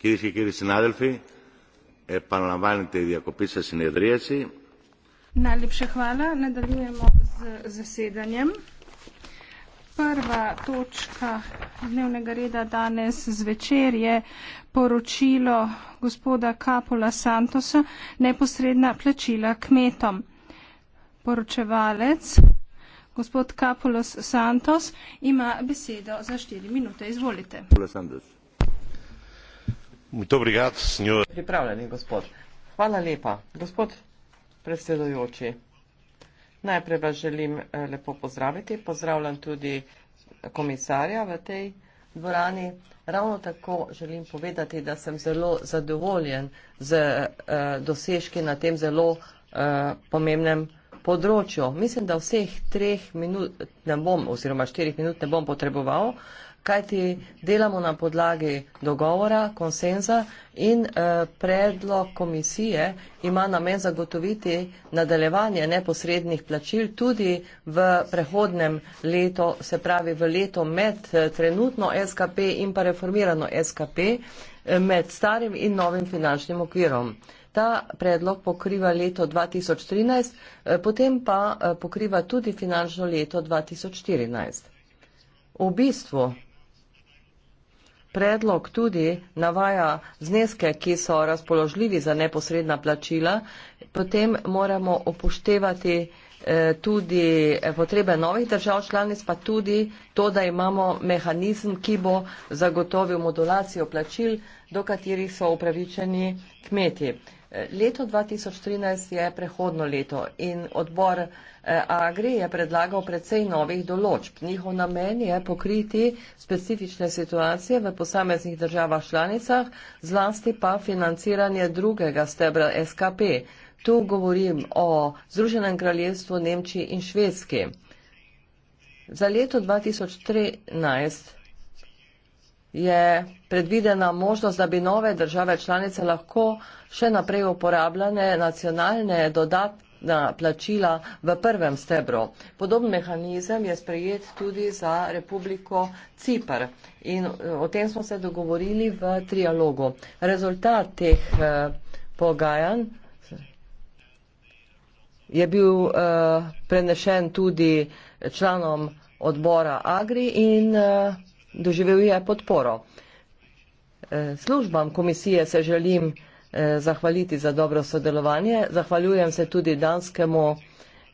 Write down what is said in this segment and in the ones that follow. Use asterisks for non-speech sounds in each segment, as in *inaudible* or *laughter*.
Κυρίε και κύριοι συνάδελφοι, επαναλαμβάνεται η διακοπή σα συνεδρίαση. Να λείψε χάλα, να τα λέμε ζεσίδανιε. Prva točka dnevnega reda danes zvečer je poročilo gospoda Kapula Santosa neposredna plačila kmetom. Poročevalec gospod Kapulos Santos ima besedo za štiri minute. Izvolite. Kapulos Santos. Hvala lepa. Gospod predsedujoči, najprej vas želim eh, lepo pozdraviti. Pozdravljam tudi komisarja v tej dvorani. Ravno tako želim povedati, da sem zelo zadovoljen z eh, dosežki na tem zelo eh, pomembnem področju. Mislim, da vseh treh minut ne bom, oziroma štirih minut ne bom potreboval, kajti delamo na podlagi dogovora, konsenza in eh, predlog komisije ima namen zagotoviti nadaljevanje neposrednih plačil tudi v prehodnem letu, se pravi v leto med eh, trenutno SKP in pa reformirano SKP, eh, med starim in novim finančnim okvirom. Ta predlog pokriva leto 2013, eh, potem pa pokriva tudi finančno leto 2014. V bistvu Predlog tudi navaja zneske, ki so razpoložljivi za neposredna plačila. Potem moramo upoštevati eh, tudi eh, potrebe novih držav članic, pa tudi to, da imamo mehanizem, ki bo zagotovil modulacijo plačil, do katerih so upravičeni kmetije. Leto 2013 je prehodno leto in odbor eh, Agri je predlagal precej novih določb. Njihov namen je pokriti specifične situacije v posameznih državah članicah, zlasti pa financiranje drugega stebra SKP. Tu govorim o Združenem kraljestvu Nemčiji in Švedski. Za leto 2013 je predvidena možnost, da bi nove države članice lahko še naprej uporabljale nacionalne dodatna plačila v prvem stebru. Podoben mehanizem je sprejet tudi za Republiko Cipr in e, o tem smo se dogovorili v trialogu. Rezultat teh e, pogajanj je bil e, prenešen tudi članom odbora Agri in doživel je podporo službam komisije se želim eh, zahvaliti za dobro sodelovanje. Zahvaljujem se tudi danskemu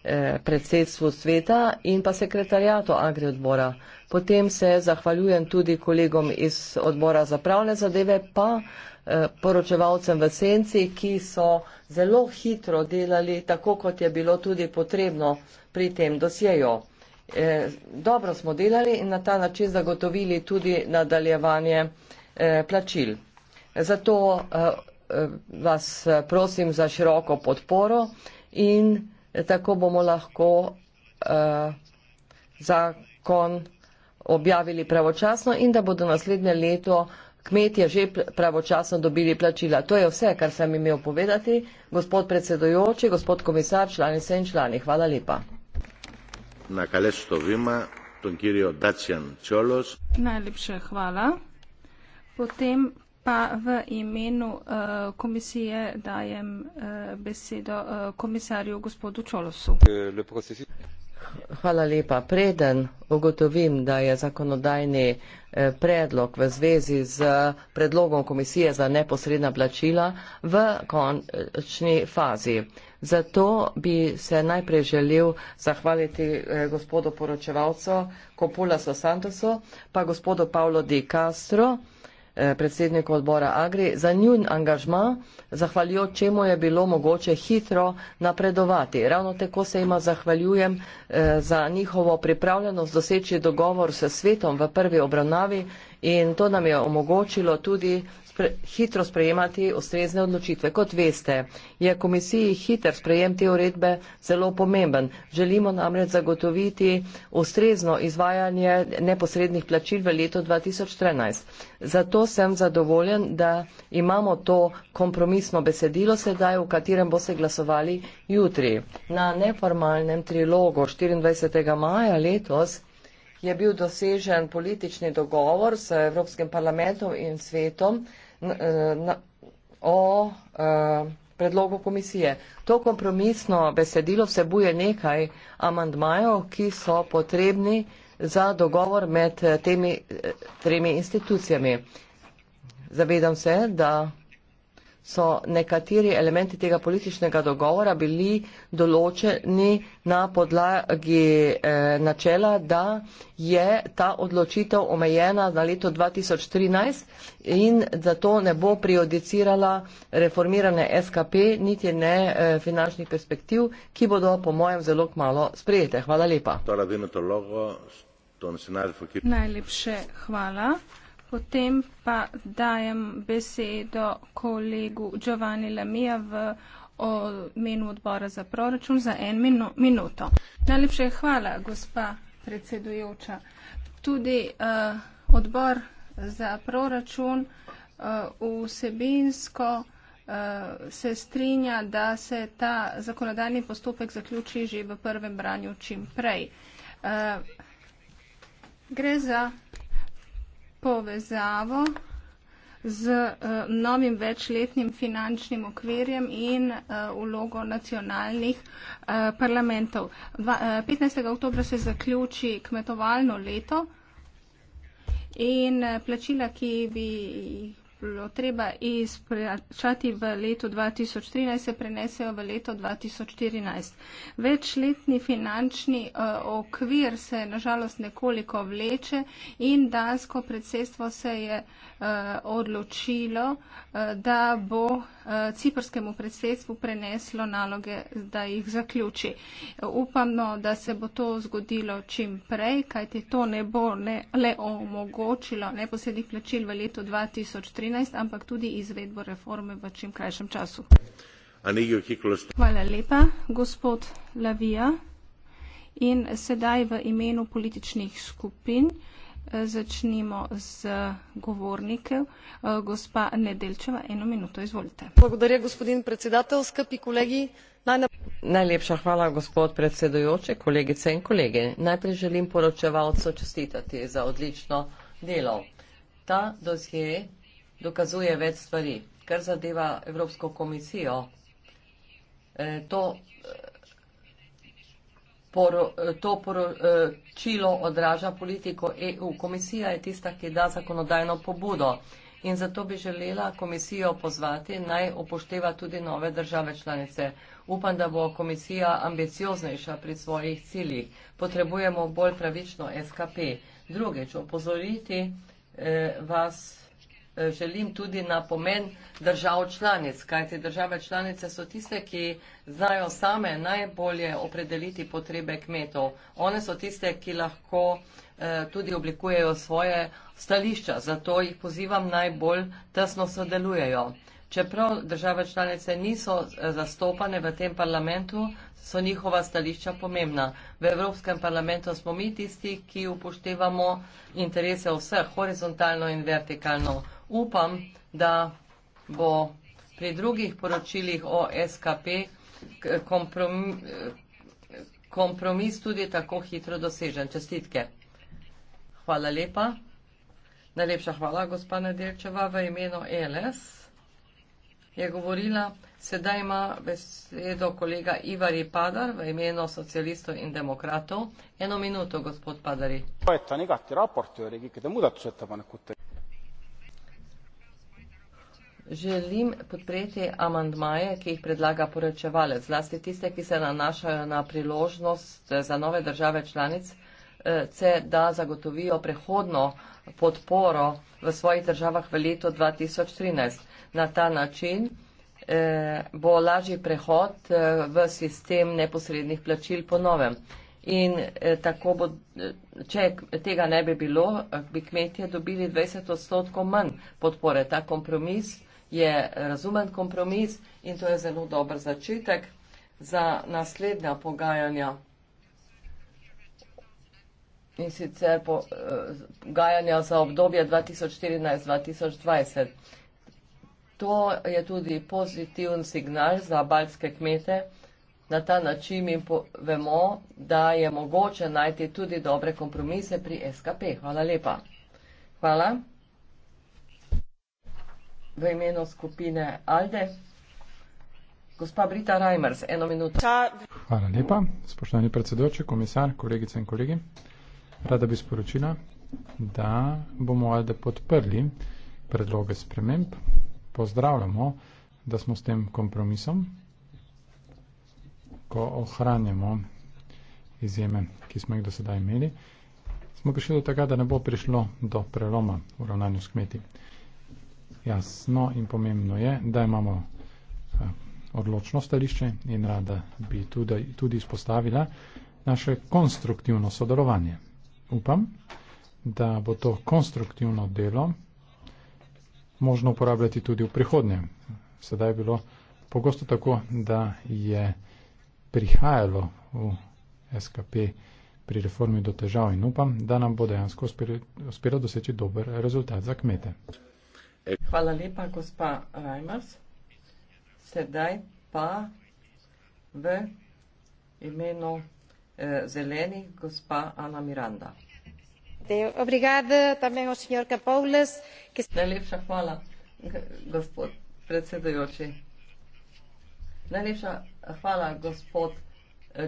eh, predsedstvu sveta in pa sekretarjato Agri odbora. Potem se zahvaljujem tudi kolegom iz odbora za pravne zadeve, pa eh, poročevalcem v senci, ki so zelo hitro delali, tako kot je bilo tudi potrebno pri tem dosjeju. Dobro smo delali in na ta način zagotovili tudi nadaljevanje Eh, plačil. Zato eh, vas eh, prosim za široko podporo in tako bomo lahko zakon objavili pravočasno in da bodo naslednje leto kmetje že pravočasno dobili plačila. To je vse, kar sem imel povedati. Gospod predsedojoči, gospod komisar, člani se in člani, hvala lepa. Najlepše hvala. Potem pa v imenu uh, komisije dajem uh, besedo uh, komisarju gospodu Čolosu. Hvala lepa. Preden ugotovim, da je zakonodajni predlog v zvezi z predlogom komisije za neposredna plačila v končni fazi. Zato bi se najprej želel zahvaliti gospodu poročevalcu Kopula Sosantosu, pa gospodu Pavlo Di Castro. Eh, predsedniku odbora Agri za njun angažma, zahvaljujo čemu je bilo mogoče hitro napredovati. Ravno tako se ima zahvaljujem eh, za njihovo pripravljenost doseči dogovor s svetom v prvi obravnavi in to nam je omogočilo tudi spre, hitro sprejemati ustrezne odločitve. Kot veste, je komisiji hiter sprejem te uredbe zelo pomemben. Želimo namreč zagotoviti ustrezno izvajanje neposrednih plačil v letu 2014. Zato sem zadovoljen, da imamo to kompromisno besedilo sedaj, v katerem boste glasovali jutri. Na neformalnem trilogu 24. maja letos je bil dosežen politični dogovor s Evropskim parlamentom in svetom. E, o e, predlogu komisije. To kompromisno besedilo vsebuje nekaj amandmajev, ki so potrebni za dogovor med e, temi tremi institucijami. Zavedam se, da so nekateri elementi tega političnega dogovora bili določeni na podlagi eh, načela, da je ta odločitev omejena na leto 2013 in da to ne bo prioricirala reformirane SKP, niti ne eh, finančnih perspektiv, ki bodo po mojem zelo kmalo sprejete. Hvala lepa. Torej, Najlepše hvala. Potem pa dajem besedo kolegu Giovanni Lamija v menu odbora za proračun za en minu, minuto. Najlepše hvala, gospa predsedujoča. Tudi uh, odbor za proračun uh, vsebinsko uh, se strinja, da se ta zakonodajni postopek zaključi že v prvem branju čim prej. Uh, gre za povezavo z uh, novim večletnim finančnim okvirjem in uh, vlogo nacionalnih uh, parlamentov. Va, uh, 15. oktobra se zaključi kmetovalno leto in uh, plačila, ki bi jih bilo treba izplačati v letu 2013, se prenesejo v leto 2014. Večletni finančni uh, okvir se nažalost nekoliko vleče in dansko predsedstvo se je uh, Eh, odločilo, eh, da bo eh, ciprskemu predsedstvu preneslo naloge, da jih zaključi. Upamo, da se bo to zgodilo čim prej, kajti to ne bo ne, le omogočilo neposrednih plačil v letu 2013, ampak tudi izvedbo reforme v čim krajšem času. Hvala lepa, gospod Lavija. In sedaj v imenu političnih skupin. Začnimo z govornike. Eh, gospa Nedelčeva, eno minuto, izvolite. Благодаря, gospodin predsedatelj, skrpi kolegi. Najlepša hvala, gospod predsedujoče, kolegice in kolege. Najprej želim poročevalcu čestitati za odlično delo. Ta dosje dokazuje več stvari, kar zadeva Evropsko komisijo. Eh, to poro, eh, to poročilo eh, odraža politiko EU. Komisija je tista, ki da zakonodajno pobudo in zato bi želela komisijo pozvati naj upošteva tudi nove države članice. Upam, da bo komisija ambicioznejša pri svojih ciljih. Potrebujemo bolj pravično SKP. Drugič, opozoriti eh, vas želim tudi na pomen držav članic, kajti države članice so tiste, ki znajo same najbolje opredeliti potrebe kmetov. One so tiste, ki lahko eh, tudi oblikujejo svoje stališča, zato jih pozivam najbolj tesno sodelujejo. Čeprav države članice niso eh, zastopane v tem parlamentu, so njihova stališča pomembna. V Evropskem parlamentu smo mi tisti, ki upoštevamo interese vseh, horizontalno in vertikalno upam, da bo pri drugih poročilih o SKP kompromis tudi tako hitro dosežen. Čestitke. Hvala lepa. Najlepša hvala, gospa Nedelčeva, v imenu ELS je govorila. Sedaj ima besedo kolega Ivari Padar v imenu socialistov in demokratov. Eno minuto, gospod Padari. To je ta negati raportu, ki je muda, če te pa nekute. Želim podpreti amandmaje, ki jih predlaga poročevalec, zlasti tiste, ki se nanašajo na priložnost eh, za nove države članic, eh, da zagotovijo prehodno podporo v svojih državah v letu 2013. Na ta način eh, bo lažji prehod v sistem neposrednih plačil po novem. In tako bo, če tega ne bi bilo, bi kmetje dobili 20 odstotkov manj podpore. Ta kompromis je razumen kompromis in to je zelo dober začetek za naslednja pogajanja. In sicer eh, pogajanja za obdobje 2014-2020. To je tudi pozitiven signal za baljske kmete. Na ta način jim povemo, da je mogoče najti tudi dobre kompromise pri SKP. Hvala lepa. Hvala v imenu skupine Alde. Gospa Brita Reimers, eno minuto. Hvala lepa, spoštovani predsedoči, komisar, kolegice in kolegi. Rada bi sporočila, da bomo Alde podprli predloge sprememb. Pozdravljamo, da smo s tem kompromisom, ko ohranjamo izjeme, ki smo jih do sedaj imeli, smo prišli do tega, da ne bo prišlo do preloma v ravnanju s kmeti jasno in pomembno je, da imamo eh, odločno stališče in rada bi tudi, tudi izpostavila naše konstruktivno sodelovanje. Upam, da bo to konstruktivno delo možno uporabljati tudi v prihodnje. Sedaj je bilo pogosto tako, da je prihajalo v SKP pri reformi do težav in upam, da nam bo dejansko uspelo doseči dober rezultat za kmete. Hvala lepa, gospa Reimers. Sedaj pa v imenu eh, zelenih gospa Ana Miranda. Najlepša hvala, gospod predsedujoči. Najlepša hvala, gospod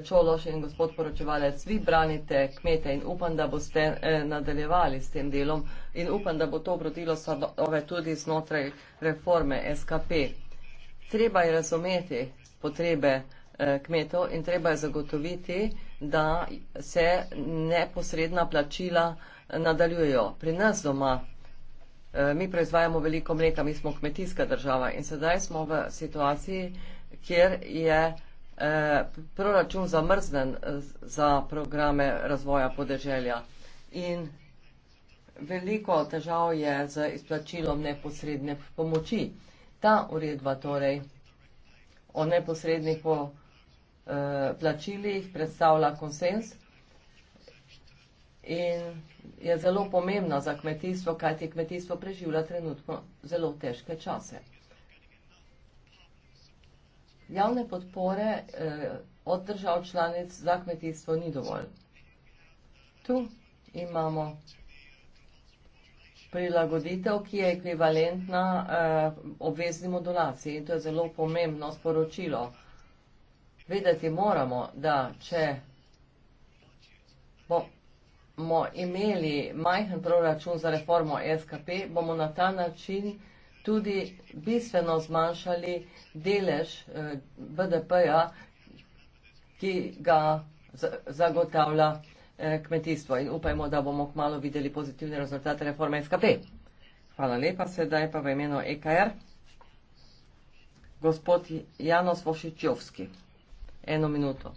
Čološ in gospod poročevalec, vi branite kmete in upam, da boste eh, nadaljevali s tem delom in upam, da bo to obrodilo sadove tudi znotraj reforme SKP. Treba je razumeti potrebe eh, kmetov in treba je zagotoviti, da se neposredna plačila eh, nadaljujejo. Pri nas doma mi proizvajamo veliko mleka, mi smo kmetijska država in sedaj smo v situaciji, kjer je vsega, proračun zamrznen eh, za programe razvoja podeželja. In veliko težav je z izplačilom neposredne pomoči. Ta uredba torej o neposrednih po eh, plačilih predstavlja konsens in je zelo pomembna za kmetijstvo, kajti kmetijstvo preživlja trenutno zelo težke čase javne podpore eh, od držav članic za kmetijstvo ni dovolj. Tu imamo prilagoditev, ki je ekvivalentna eh, obvezni modulaciji in to je zelo pomembno sporočilo. Vedeti moramo, da če bomo imeli majhen proračun za reformo SKP, bomo na ta način eh, tudi bistveno zmanjšali delež eh, BDP-ja, ki ga zagotavlja eh, kmetijstvo. In upajmo, da bomo kmalo videli pozitivne rezultate reforme SKP. Hvala lepa, sedaj pa v imenu EKR. Gospod Janos Vošičovski, eno minuto.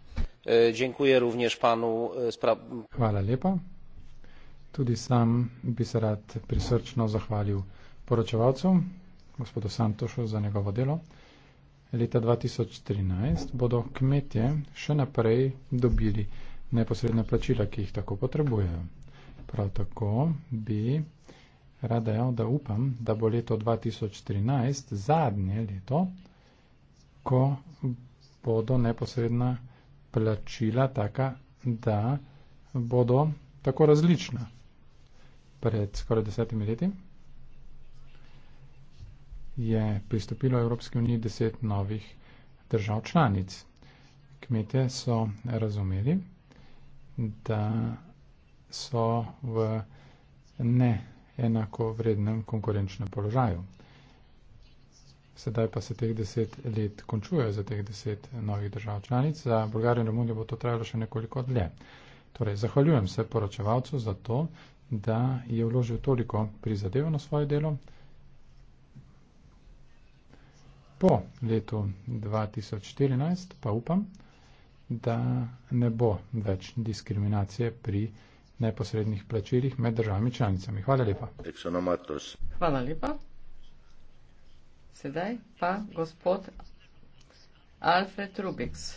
E, dziękuję również panu e, spra... Hvala lepa. Tudi sam bi se rad prisrčno zahvalil poročevalcu gospodu Santošu za njegovo delo. Leta 2013 bodo kmetje še naprej dobili neposredna plačila, ki jih tako potrebujejo. Prav tako bi rada jav, da upam, da bo leto 2013 zadnje leto, ko bodo neposredna plačila taka, da bodo tako različna pred skoraj desetimi leti je pristopilo Evropske unije deset novih držav članic. Kmete so razumeli, da so v neenako vrednem konkurenčnem položaju. Sedaj pa se teh deset let končuje za teh deset novih držav članic. Za Bolgarijo in Romunijo bo to trajalo še nekoliko dlje. Torej, zahvaljujem se poročevalcu za to, da je vložil toliko prizadevanja v svoje delo po letu 2014 pa upam, da ne bo več diskriminacije pri neposrednih plačilih med državami članicami. Hvala lepa. Hvala lepa. Sedaj pa gospod Alfred Rubix.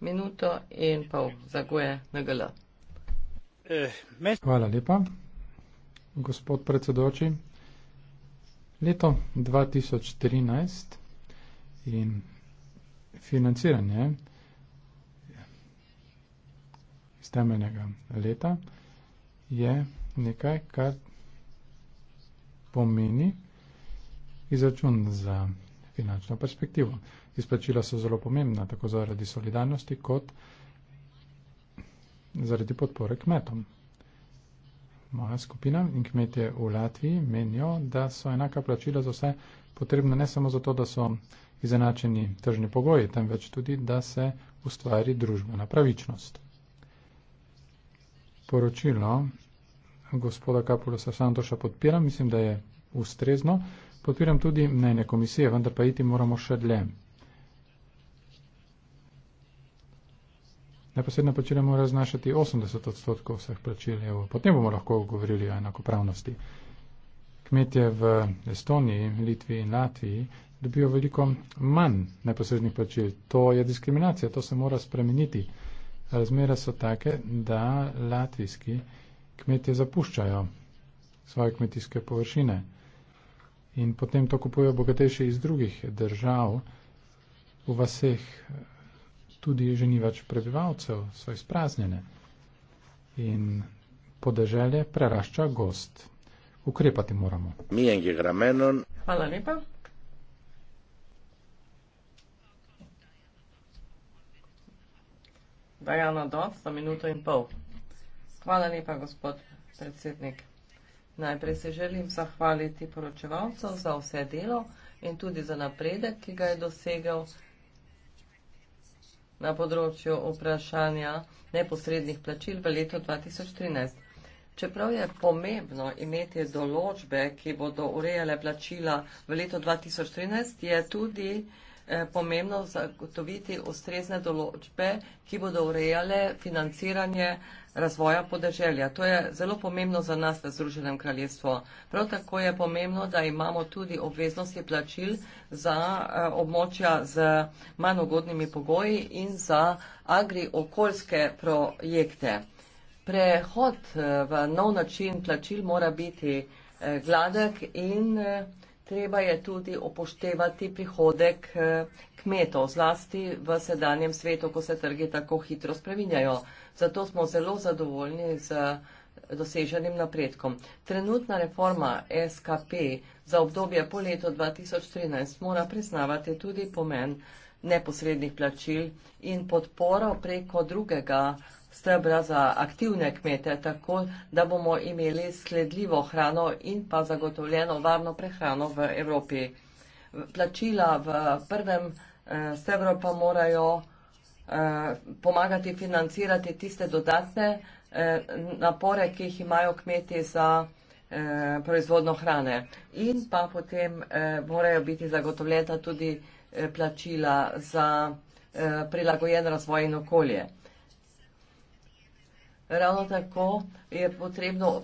Minuto in pol zaguje na GL. Eh, Hvala lepa, gospod predsedoči leto 2013 in financiranje iz temeljnega leta je nekaj, kar pomeni izračun za finančno perspektivo. Izplačila so zelo pomembna, tako zaradi solidarnosti, kot zaradi podpore kmetom moja skupina in kmetje v Latviji menijo, da so enaka plačila za vse potrebna ne samo zato, da so izenačeni tržni pogoji, temveč tudi, da se ustvari družbena pravičnost. Poročilo gospoda Kapulosa Santoša podpiram, mislim, da je ustrezno. Podpiram tudi mnenje komisije, vendar pa iti moramo še dlje. neposredna plačila mora znašati 80 odstotkov vseh plačil evo. Potem bomo lahko govorili o enakopravnosti. Kmetje v Estoniji, Litvi in Latviji dobijo veliko manj neposrednih plačil. To je diskriminacija, to se mora spremeniti. Razmere so take, da latvijski kmetje zapuščajo svoje kmetijske površine in potem to kupujejo bogatejši iz drugih držav v vaseh tudi že ni več prebivalcev, so izpraznjene. In podeželje prerašča gost. Ukrepati moramo. Hvala lepa. Dajana Dov za minuto in pol. Hvala lepa, gospod predsednik. Najprej se želim zahvaliti poročevalcev za vse delo in tudi za napredek, ki ga je dosegel na področju vprašanja neposrednih plačil v letu 2013. Čeprav je pomembno imeti določbe, ki bodo urejale plačila v letu 2013, je tudi Eh, pomembno zagotoviti ustrezne določbe, ki bodo urejale financiranje razvoja podeželja. To je zelo pomembno za nas v Združenem kraljestvu. Prav tako je pomembno, da imamo tudi obveznosti plačil za eh, območja z manj ugodnimi pogoji in za agriokoljske projekte. Prehod eh, v nov način plačil mora biti gladek in treba je tudi upoštevati prihodek eh, kmetov, zlasti v sedanjem svetu, ko se trgi tako hitro spreminjajo. Zato smo zelo zadovoljni z doseženim napredkom. Trenutna reforma SKP za obdobje po letu 2013 mora priznavati tudi pomen neposrednih plačil in podporo preko drugega stebra za aktivne kmete, tako da bomo imeli sledljivo hrano in pa zagotovljeno varno prehrano v Evropi. Plačila v prvem eh, stebru pa morajo eh, pomagati financirati tiste dodatne eh, napore, ki jih imajo kmeti za proizvodno hrane. In pa potem morajo biti zagotovljena tudi plačila za prilagojen razvoj in okolje. Ravno tako je potrebno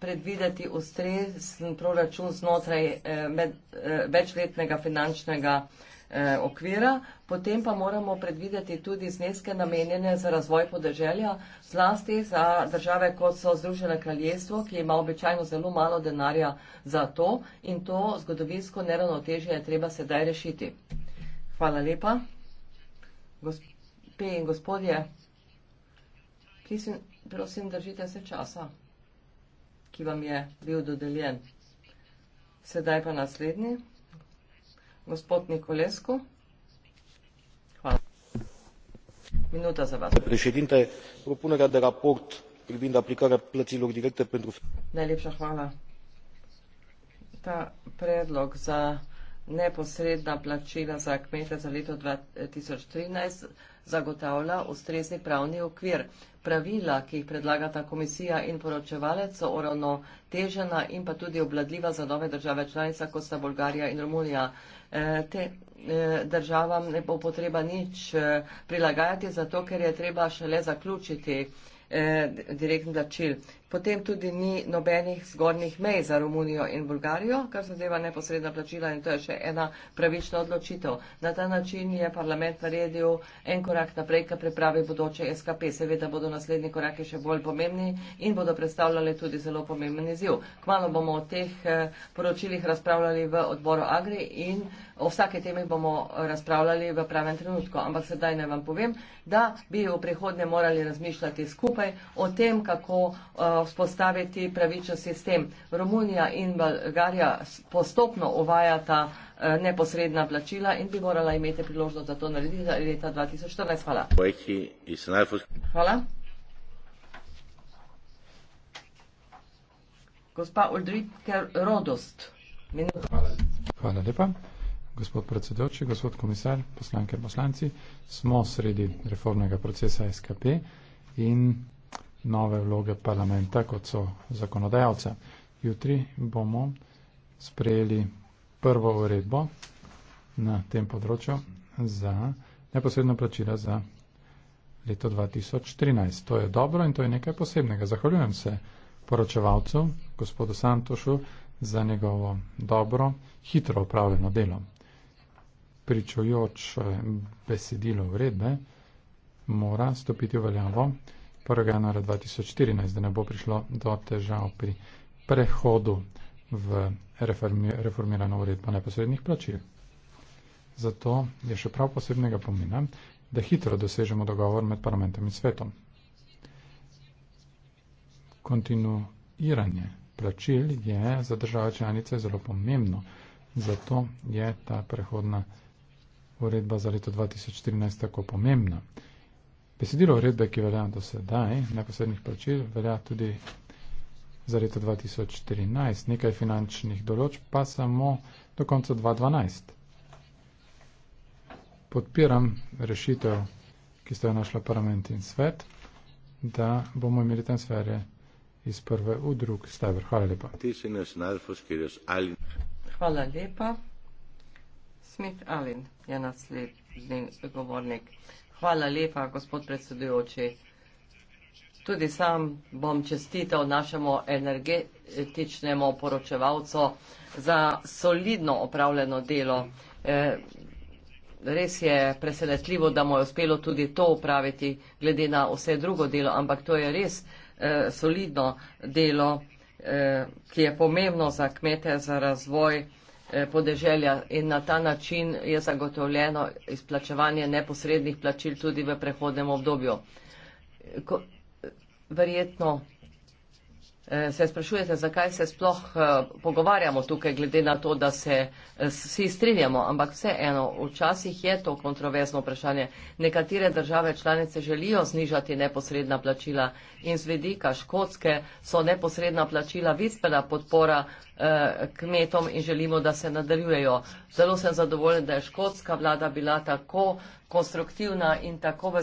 predvideti ustrezen proračun znotraj eh, eh, večletnega finančnega eh, okvira, potem pa moramo predvideti tudi zneske namenjene za razvoj podeželja, zlasti za države, kot so Združeno kraljestvo, ki ima običajno zelo malo denarja za to in to zgodovinsko neravnotežje je treba sedaj rešiti. Hvala lepa. Gospe in gospodje, prisim prosim, držite se časa, ki vam je bil dodeljen. Sedaj pa naslednji, gospod Nikolesko. Hvala. Minuta za vas. Președinte, propunerea de raport privind aplicarea plăților directe pentru... Najlepša hvala. Ta predlog za neposredna plačila za kmete za leto 2013 zagotavlja ustrezni pravni okvir. Pravila, ki jih predlagata komisija in poročevalec, so uravnotežena in pa tudi obladljiva za nove države članice, kot sta Bolgarija in Romunija. E, te e, državam ne bo potreba nič e, prilagajati, zato ker je treba šele zaključiti e, direktni plačil. Potem tudi ni nobenih zgornjih mej za Romunijo in Bulgarijo, kar se zadeva neposredna plačila in to je še ena pravična odločitev. Na ta način je parlament naredil en korak naprej, ki pripravi bodoče SKP. Seveda bodo naslednji koraki še bolj pomembni in bodo predstavljali tudi zelo pomemben izziv. Kmalo bomo o teh eh, poročilih razpravljali v odboru Agri in o vsake temi bomo razpravljali v pravem trenutku. Ampak sedaj naj vam povem, da bi v prihodnje morali razmišljati skupaj o tem, kako uh, vzpostaviti pravičen sistem. Romunija in Bolgarija postopno uvajata eh, neposredna plačila in bi morala imeti priložnost, da to naredi za leta 2014. Hvala. Hvala. Gospa Ulrike Rodost. Hvala. Hvala lepa. Gospod predsedoči, gospod komisar, poslanke in poslanci, smo sredi reformnega procesa SKP in nove vloge parlamenta, kot so zakonodajalce. Jutri bomo sprejeli prvo uredbo na tem področju za neposredno plačila za leto 2013. To je dobro in to je nekaj posebnega. Zahvaljujem se poročevalcu, gospodu Santošu, za njegovo dobro, hitro upravljeno delo. Pričujoč besedilo uredbe mora stopiti v veljavo. 1. januara 2014, da ne bo prišlo do težav pri prehodu v reformi, reformirano uredbo neposrednih plačil. Zato je še prav posebnega pomena, da hitro dosežemo dogovor med parlamentom in svetom. Kontinuiranje plačil je za države članice zelo pomembno, zato je ta prehodna uredba za leto 2014 tako pomembna. Besedilo uredbe, ki velja do sedaj, neposrednih plačil, velja tudi za leto 2014, nekaj finančnih določb pa samo do konca 2012. Podpiram rešitev, ki ste jo našla parlament in svet, da bomo imeli transfere iz prve v drug stebr. Hvala lepa. Hvala lepa. Smith Allen je naslednji govornik. Hvala lepa, gospod predsedujoči. Tudi sam bom čestitev našemu energetičnemu poročevalcu za solidno opravljeno delo. E, res je presenetljivo, da mu je uspelo tudi to upraviti, glede na vse drugo delo, ampak to je res e, solidno delo, e, ki je pomembno za kmete, za razvoj Eh, podeželja in na ta način je zagotovljeno izplačevanje neposrednih plačil tudi v prehodnem obdobju. Ko, verjetno Eh, se sprašujete, zakaj se sploh eh, pogovarjamo tukaj, glede na to, da se eh, vsi strinjamo, ampak vseeno, včasih je to kontroverzno vprašanje. Nekatere države članice želijo znižati neposredna plačila in z vedika škotske so neposredna plačila vispeda podpora kmetom in želimo, da se nadaljujejo. Zelo sem zadovoljen, da je škotska vlada bila tako konstruktivna in tako v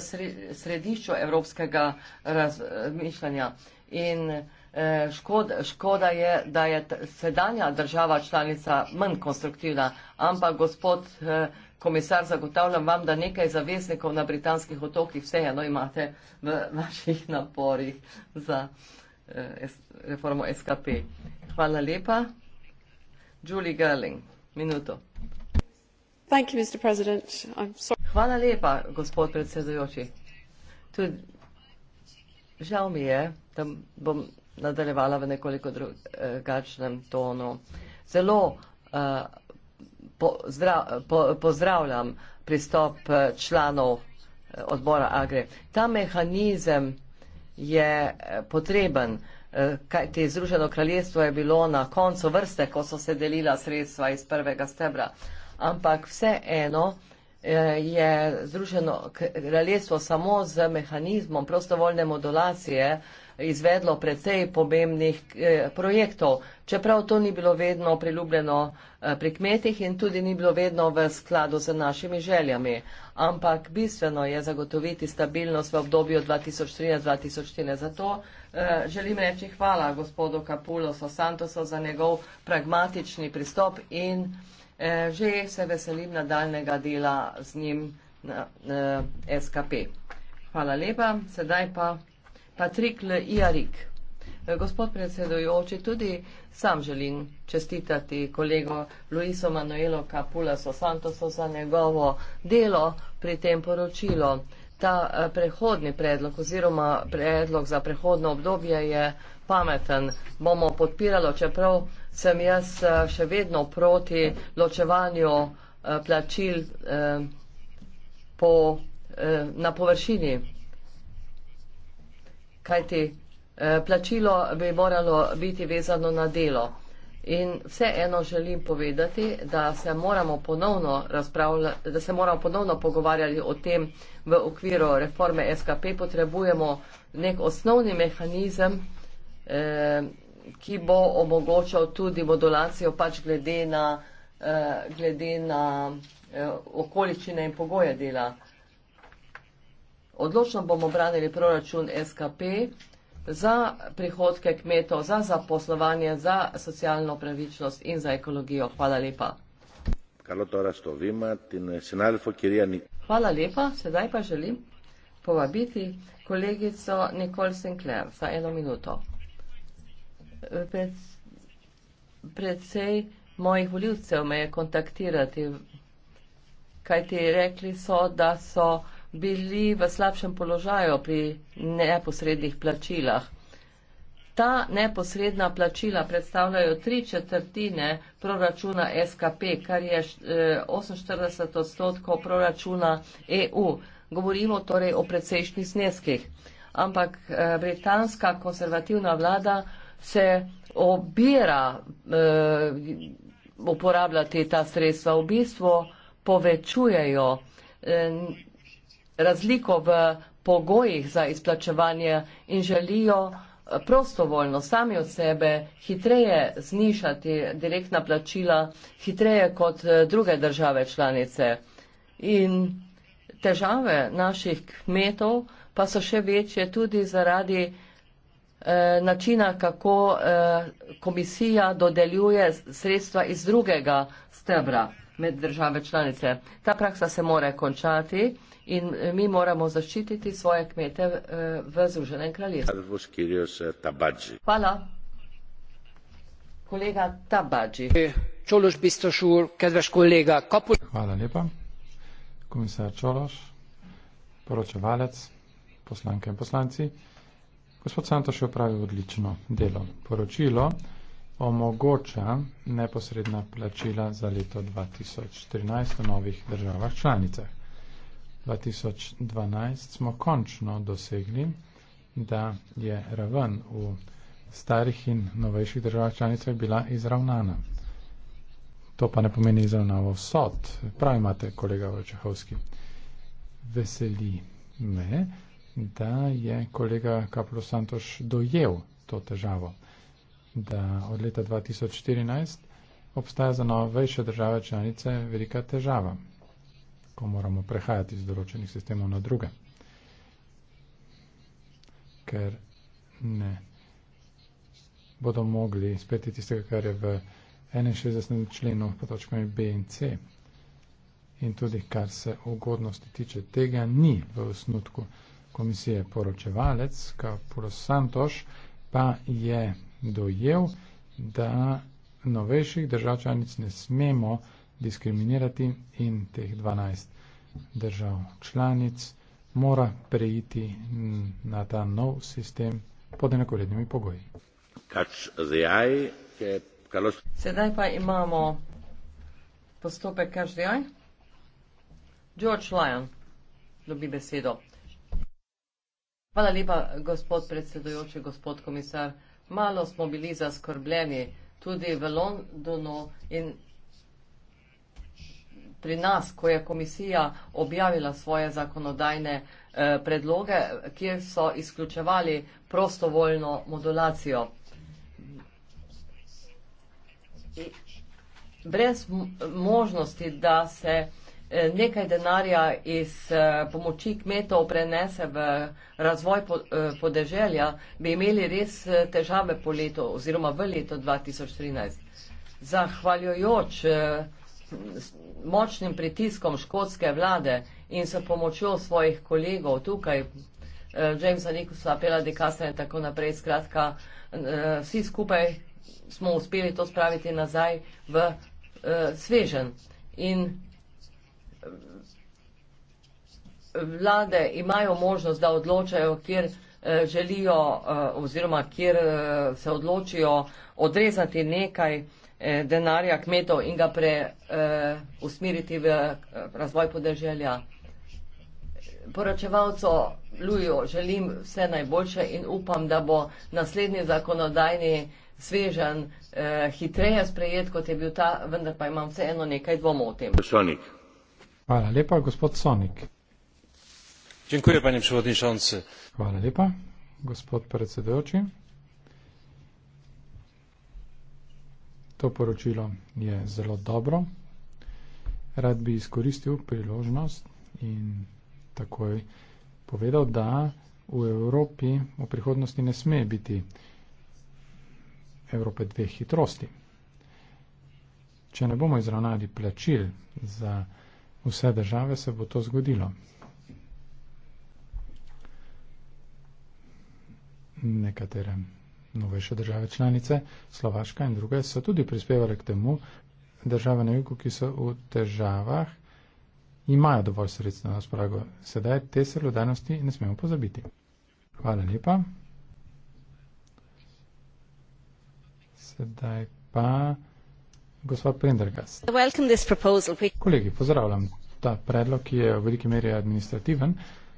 središču evropskega razmišljanja. In Eh, škod, škoda je, da je sedanja država članica manj konstruktivna, ampak gospod eh, komisar, zagotavljam vam, da nekaj zavesnikov na britanskih otokih vseeno imate v *laughs* vaših naporih za eh, reformo SKP. Hvala lepa. Julie Gerling, minuto. Thank you, Mr. President. I'm sorry. Hvala lepa, gospod predsedujoči. Tudi žal mi je, da bom nadaljevala v nekoliko drugačnem tonu. Zelo uh, eh, pozdrav, po, pozdravljam pristop eh, članov eh, odbora Agre. Ta mehanizem je potreben, kajti Združeno kraljestvo je bilo na koncu vrste, ko so se delila sredstva iz prvega stebra. Ampak vseeno je Združeno kraljestvo samo z mehanizmom prostovoljne modulacije eh, izvedlo precej pomembnih eh, projektov. Čeprav to ni bilo vedno priljubljeno eh, pri kmetih in tudi ni bilo vedno v skladu z našimi željami. Ampak bistveno je zagotoviti stabilnost v obdobju 2013-2014. Zato eh, želim reči hvala gospodu Kapuloso Santoso za njegov pragmatični pristop in eh, že se veselim nadaljnega dela z njim na eh, SKP. Hvala lepa, sedaj pa. Patrik L. Jarik. Gospod predsedujoči, tudi sam želim čestitati kolego Luiso Manuelo Capulaso Santoso za njegovo delo pri tem poročilo. Ta eh, prehodni predlog oziroma predlog za prehodno obdobje je pameten. Bomo podpiralo, čeprav sem jaz eh, še vedno proti ločevanju eh, plačil po, na površini kajti eh, plačilo bi moralo biti vezano na delo. In vseeno želim povedati, da se moramo ponovno, da se moramo ponovno pogovarjali o tem v okviru reforme SKP. Potrebujemo nek osnovni mehanizem, eh, ki bo omogočal tudi modulacijo pač glede na, eh, glede na eh, okoličine in pogoje dela. Odločno bomo branili proračun SKP za prihodke kmetov, za zaposlovanje, za socialno pravičnost in za ekologijo. Hvala lepa. Hvala lepa, sedaj pa želim povabiti kolegico Nicole Sinclair za eno minuto. Pred, predvsej mojih voljivcev me je kontaktirati, kaj ti rekli so, da so bili v slabšem položaju pri neposrednih plačilah. Ta neposredna plačila predstavljajo tri četrtine proračuna SKP, kar je 48 eh, odstotkov proračuna EU. Govorimo torej o precejšnjih zneskih. Ampak eh, britanska konservativna vlada se obira eh, uporabljati ta sredstva. V bistvu povečujejo razliko v pogojih za izplačevanje in želijo eh, prostovoljno sami od sebe hitreje znišati direktna plačila, hitreje kot eh, druge države članice. In težave naših kmetov pa so še večje tudi zaradi eh, načina, kako eh, komisija dodeljuje sredstva iz drugega stebra med države članice. Ta praksa se mora končati. Eh, in eh, mi moramo zaščititi svoje kmete eh, v Združenem kraljestvu. Eh, Hvala. Kolega Tabadži. Čološ, bistošur, kedveš kolega Kapul. Hvala lepa. Komisar Čološ, poročevalec, poslanke in poslanci. Gospod Santoš je opravil odlično delo. Poročilo omogoča neposredna plačila za leto 2013 v novih državah članicah. 2012 smo končno dosegli, da je raven v starih in novejših državah članicah bila izravnana. To pa ne pomeni izravnavo sod, prav imate, kolega Vojčehovski. Veseli me, da je kolega Kaplo Santoš dojel to težavo, da od leta 2014 obstaja za novejše države članice velika težava ko moramo prehajati iz določenih sistemov na druge. Ker ne bodo mogli speti tistega, kar je v 61. členu pod točkami B in C. In tudi, kar se ugodnosti tiče, tega ni v osnutku komisije poročevalec, Kapulo Santoš, pa je dojel, da novejših držav članic ne smemo diskriminirati in teh 12 držav članic mora preiti na ta nov sistem pod enakorednimi pogoji. Sedaj pa imamo postopek KŽDI. George Lyon dobi besedo. Hvala lepa, gospod predsedujoči, gospod komisar. Malo smo bili zaskrbljeni tudi v Londonu in pri nas, ko je komisija objavila svoje zakonodajne eh, predloge, kjer so izključevali prostovoljno modulacijo. Brez možnosti, da se eh, nekaj denarja iz eh, pomoči kmetov prenese v razvoj eh, podeželja, bi imeli res težave po letu oziroma v letu 2013. Zahvaljujoč s močnim pritiskom škotske vlade in s pomočjo svojih kolegov tukaj, eh, Jamesa Nikosa, Pela de Castra in tako naprej, skratka, eh, vsi skupaj smo uspeli to spraviti nazaj v eh, svežen. In eh, vlade imajo možnost, da odločajo, kjer eh, želijo eh, oziroma kjer se odločijo odrezati nekaj Eh, denarja kmetov in ga pre, eh, usmeriti v eh, razvoj podeželja. Poročevalcu Luju želim vse najboljše in upam, da bo naslednji zakonodajni svežen eh, hitreje sprejet, kot je bil ta, vendar pa imam vseeno nekaj dvomov o tem. Sonik. Hvala lepa, gospod Sonik. Dziękuję panie przewodniczący. Hvala lepa, gospod predsedujoči. To poročilo je zelo dobro. Rad bi izkoristil priložnost in takoj povedal, da v Evropi v prihodnosti ne sme biti Evrope dveh hitrosti. Če ne bomo izravnali plačil za vse države, se bo to zgodilo. Nekaterem novejše države članice, Slovaška in druge, so tudi prispevali k temu, države na jugu, ki so v težavah, imajo dovolj sredstva na spragu. Sedaj te solidarnosti ne smemo pozabiti. Hvala lepa. Sedaj pa gospod Prendergast. Kolegi, pozdravljam ta predlog, ki je v veliki meri administrativen,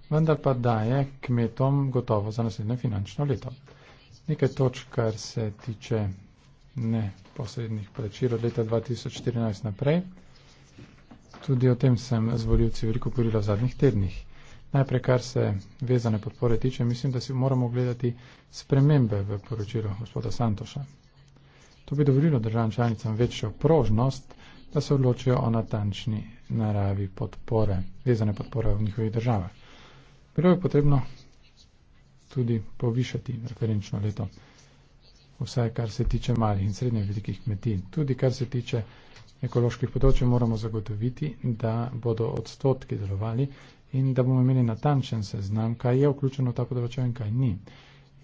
vendar pa daje kmetom gotovo za naslednje finančno leto. Nekaj točk, kar se tiče neposrednih plačil od leta 2014 naprej. Tudi o tem sem z voljivci veliko govorila v zadnjih tednih. Najprej, kar se vezane podpore tiče, mislim, da si moramo gledati spremembe v poročilu gospoda Santoša. To bi dovolilo državam članicam večjo prožnost, da se odločijo o natančni naravi podpore, vezane podpore v njihovih državah. Bilo je potrebno tudi povišati referenčno leto. Vse, kar se tiče malih in srednje velikih kmetij. Tudi, kar se tiče ekoloških področje, moramo zagotoviti, da bodo odstotki delovali in da bomo imeli natančen seznam, kaj je vključeno v ta področje in kaj ni.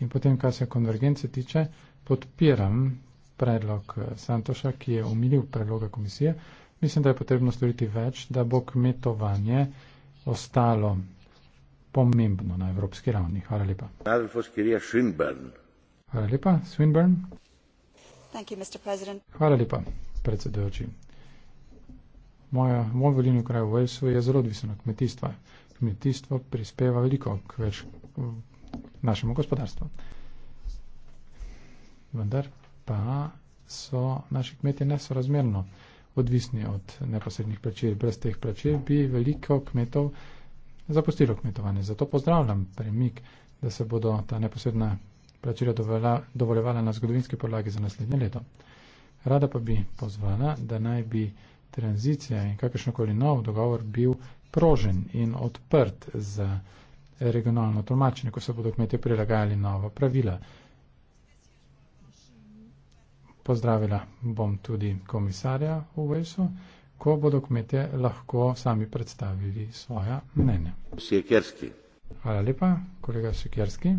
In potem, kar se konvergence tiče, podpiram predlog Santoša, ki je umilil predloga komisije. Mislim, da je potrebno storiti več, da bo kmetovanje ostalo pomembno na evropski ravni. Hvala lepa. Hvala lepa, Swinburn. Hvala lepa, predsedujoči. Moja, moj volilni kraj v Walesu je zelo odvisen od kmetijstva. Kmetijstvo prispeva veliko k več našemu gospodarstvu. Vendar pa so naši kmetje nesorazmerno odvisni od neposrednih plačil. Brez teh plačil bi veliko kmetov zapustilo kmetovanje. Zato pozdravljam premik, da se bodo ta neposredna plačila dovoljevala na zgodovinski podlagi za naslednje leto. Rada pa bi pozvala, da naj bi tranzicija in kakršnokoli nov dogovor bil prožen in odprt za regionalno tolmačenje, ko se bodo kmetje prilagajali nova pravila. Pozdravila bom tudi komisarja v Vojsu ko bodo kmetje lahko sami predstavili svoja mnenja. Sikerski. Hvala lepa, kolega Sikerski.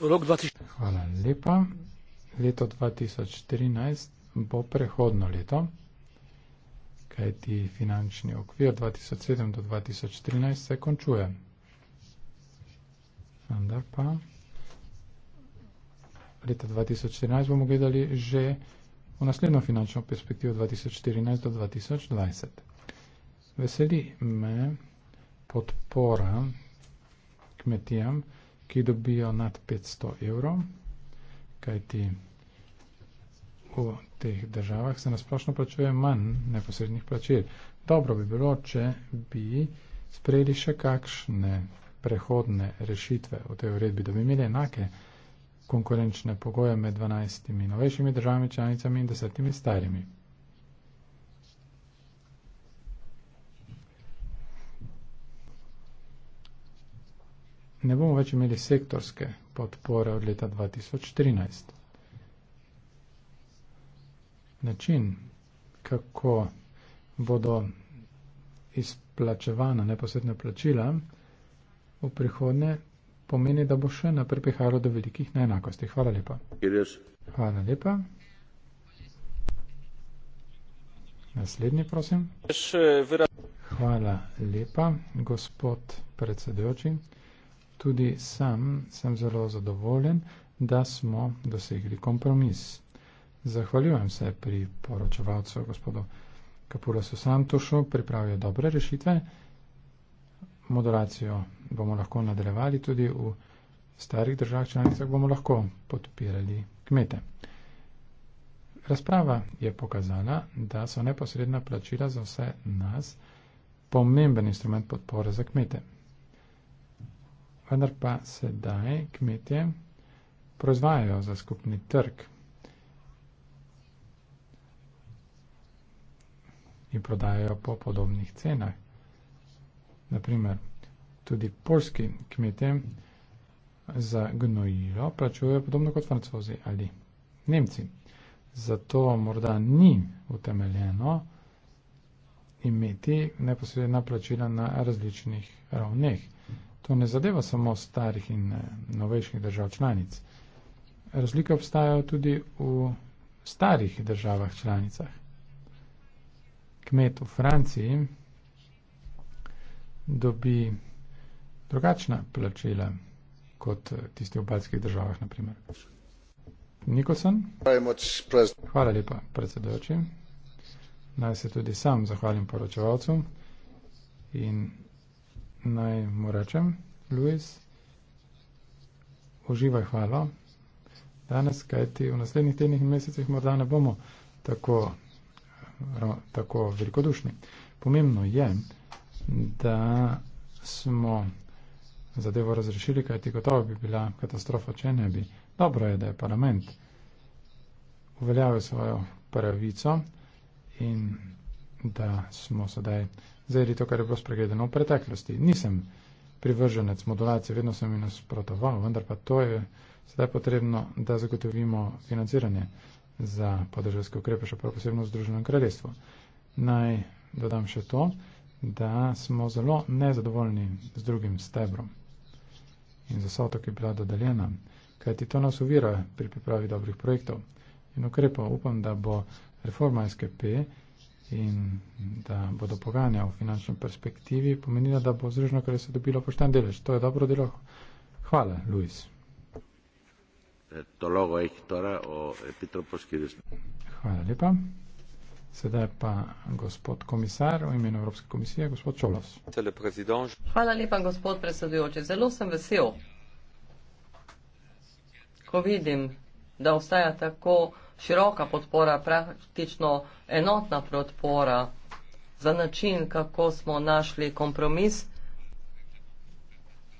Rok 2000. Hvala lepa. Leto 2013 bo prehodno leto, kajti finančni okvir 2007 do 2013 se končuje. Vendar pa leta 2014 bomo gledali že v naslednjo finančno perspektivo 2014 do 2020. Veseli me podpora kmetijam, ki dobijo nad 500 evrov, kajti v teh državah se nasplošno plačuje manj neposrednih plačil. Dobro bi bilo, če bi sprejeli še kakšne prehodne rešitve v tej uredbi, da bi imeli enake konkurenčne pogoje med 12 novejšimi državami članicami in 10 starimi. Ne bomo več imeli sektorske podpore od leta 2013. Način, kako bodo izplačevana neposredna plačila v prihodnje, pomeni, da bo še naprej prihajalo do velikih neenakosti. Hvala lepa. Hvala lepa. Naslednji, prosim. Eh, Hvala lepa, gospod predsedujoči. Tudi sam sem zelo zadovoljen, da smo dosegli kompromis. Zahvaljujem se pri poročevalcu gospodu Kapulasu Santušu, pripravijo dobre rešitve, modulacijo bomo lahko nadaljevali tudi v starih državah članicah, bomo lahko podpirali kmete. Razprava je pokazala, da so neposredna plačila za vse nas pomemben instrument podpore za kmete. Vendar pa sedaj kmetje proizvajajo za skupni trg in prodajajo po podobnih cenah. Naprimer, tudi polskim kmetem za gnojilo plačujejo podobno kot francozi ali nemci. Zato morda ni utemeljeno imeti neposredna plačila na različnih ravneh. To ne zadeva samo starih in eh, novejših držav članic. Razlike obstajajo tudi v starih državah članicah. Kmet v Franciji dobi drugačna plačila kot eh, tisti v baljskih državah, naprimer. Nikolson. Hvala lepa, predsedujoči. Naj se tudi sam zahvalim poročevalcu in naj mu rečem, Luis, uživaj hvalo. Danes, kaj ti v naslednjih tednih in mesecih morda ne bomo tako, eh, ro, tako velikodušni. Pomembno je, da smo zadevo razrešili, kaj ti gotovo bi bila katastrofa, če ne bi. Dobro je, da je parlament uveljavil svojo pravico in da smo sedaj zajeli to, kar je bilo spregledano v preteklosti. Nisem privrženec modulacije, vedno sem jim nasprotoval, vendar pa to je sedaj potrebno, da zagotovimo financiranje za podeželske ukrepe, še prav posebno v Združenem kraljestvu. Naj dodam še to, da smo zelo nezadovoljni z drugim stebrom in za soto, ki je bila dodeljena, kajti to nas uvira pri pripravi dobrih projektov. In ukrepa upam, da bo reforma SKP in da bodo pogajanja v finančni perspektivi pomenila, da bo zrežno, kar se dobilo pošten delež. To je dobro delo. Hvala, Luis. Eh, Hvala lepa. Sedaj pa gospod komisar v imenu Evropske komisije, gospod Čolos. Hvala lepa, gospod predsedujoči. Zelo sem vesel, ko vidim, da ostaja tako široka podpora, praktično enotna podpora za način, kako smo našli kompromis,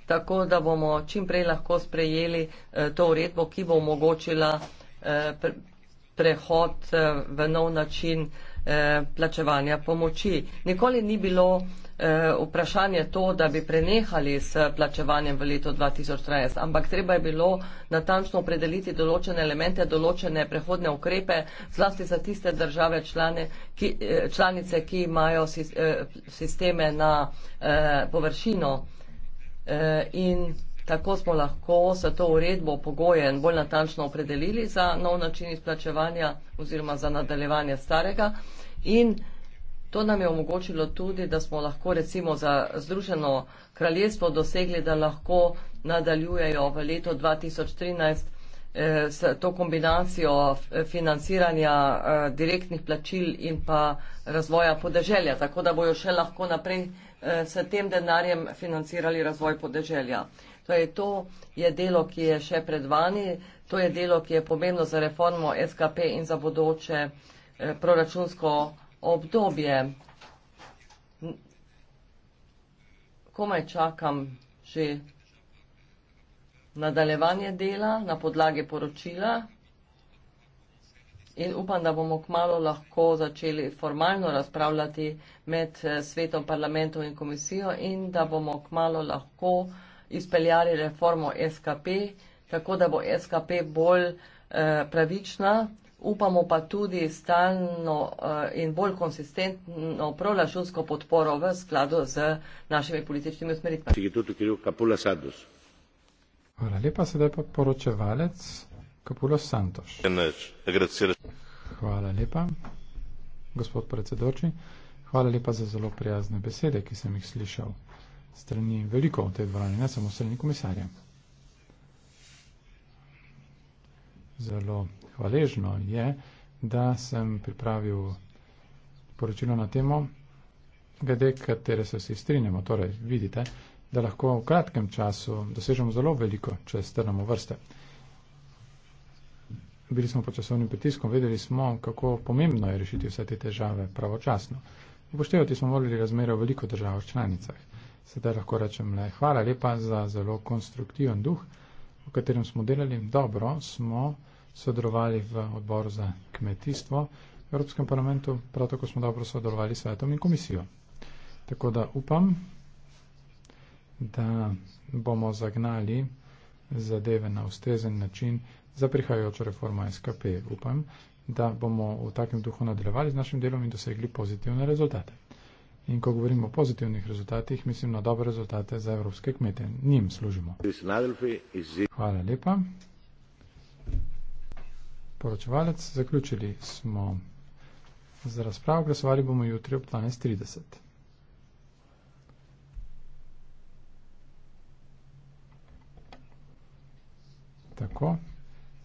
tako da bomo čim prej lahko sprejeli eh, to uredbo, ki bo omogočila. Eh, prehod eh, v nov način eh, plačevanja pomoči. Nikoli ni bilo eh, vprašanje to, da bi prenehali s plačevanjem v letu 2013, ampak treba je bilo natančno opredeliti določene elemente, določene prehodne ukrepe, zlasti za tiste države člane, ki, članice, ki imajo sisteme na površino. In Tako smo lahko s to uredbo pogojen bolj natančno opredelili za nov način izplačevanja oziroma za nadaljevanje starega in to nam je omogočilo tudi, da smo lahko recimo za Združeno kraljestvo dosegli, da lahko nadaljujejo v leto 2013 eh, s to kombinacijo eh, financiranja eh, direktnih plačil in pa razvoja podeželja, tako da bojo še lahko naprej s tem denarjem financirali razvoj podeželja. Torej, to je delo, ki je še pred vami, to je delo, ki je pomembno za reformo SKP in za bodoče eh, proračunsko obdobje. Komaj čakam že nadaljevanje dela na podlagi poročila in upam, da bomo kmalo lahko začeli formalno razpravljati med eh, svetom parlamentov in komisijo in da bomo kmalo lahko izpeljali reformo SKP, tako da bo SKP bolj eh, pravična, upamo pa tudi stalno eh, in bolj konsistentno proračunsko podporo v skladu z našimi političnimi usmeritvami. Hvala lepa, sedaj pa poročevalec Kapulo Santoš. Hvala lepa, gospod predsedoči. Hvala lepa za zelo prijazne besede, ki sem jih slišal strani veliko v tej dvorani, ne samo strani komisarja. Zelo hvaležno je, da sem pripravil poročilo na temo, glede katere se vsi strinjamo. Torej, vidite, da lahko v kratkem času dosežemo zelo veliko, če strnemo vrste. Bili smo pod časovnim pritiskom, vedeli smo, kako pomembno je rešiti vse te težave pravočasno. Upoštevati smo morali razmere v veliko državah članicah. Sedaj lahko rečem le hvala lepa za zelo konstruktiven duh, v katerem smo delali dobro, smo sodelovali v odboru za kmetijstvo v Evropskem parlamentu, prav tako smo dobro sodelovali s svetom in komisijo. Tako da upam, da bomo zagnali zadeve na ustrezen način za prihajajočo reformo SKP. Upam, da bomo v takem duhu nadaljevali z našim delom in dosegli pozitivne rezultate. In ko govorimo o pozitivnih rezultatih, mislim na dobre rezultate za evropske kmete. Njim služimo. Hvala lepa. Poročevalec, zaključili smo z razpravo, glasovali bomo jutri ob 12.30. Tako.